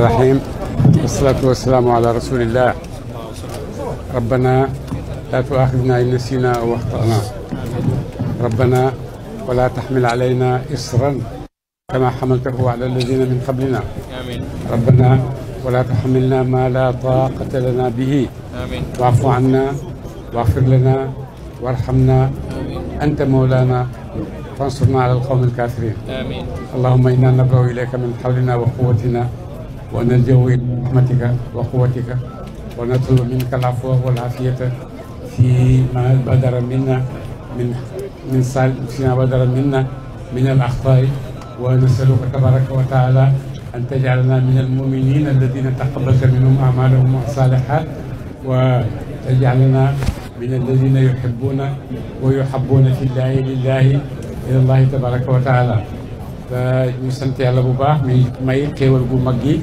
الرحيم والصلاة والسلام على رسول الله ربنا لا تؤاخذنا إن نسينا أو أخطأنا ربنا ولا تحمل علينا إصرا كما حملته على الذين من قبلنا ربنا ولا تحملنا ما لا طاقة لنا به واعف عنا واغفر لنا وارحمنا أنت مولانا فانصرنا على القوم الكافرين آمين اللهم إنا نبرأ إليك من حولنا وقوتنا ونلجأ إلى رحمتك وقوتك ونطلب منك العفو والعافية فيما بدر منا من من فيما بدر منا من الأخطاء ونسألك تبارك وتعالى أن تجعلنا من المؤمنين الذين تقبلت منهم أعمالهم الصالحات وتجعلنا من الذين يحبون ويحبون في الله لله إلى الله تبارك وتعالى ñu على yàlla bu baax mi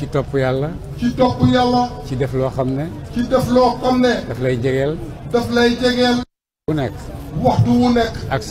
ci topp yàlla. ci topp yàlla. ci def loo xam ne. ci def loo xam ne. daf lay jegeel. daf lay jegeel. nekk. wu nekk.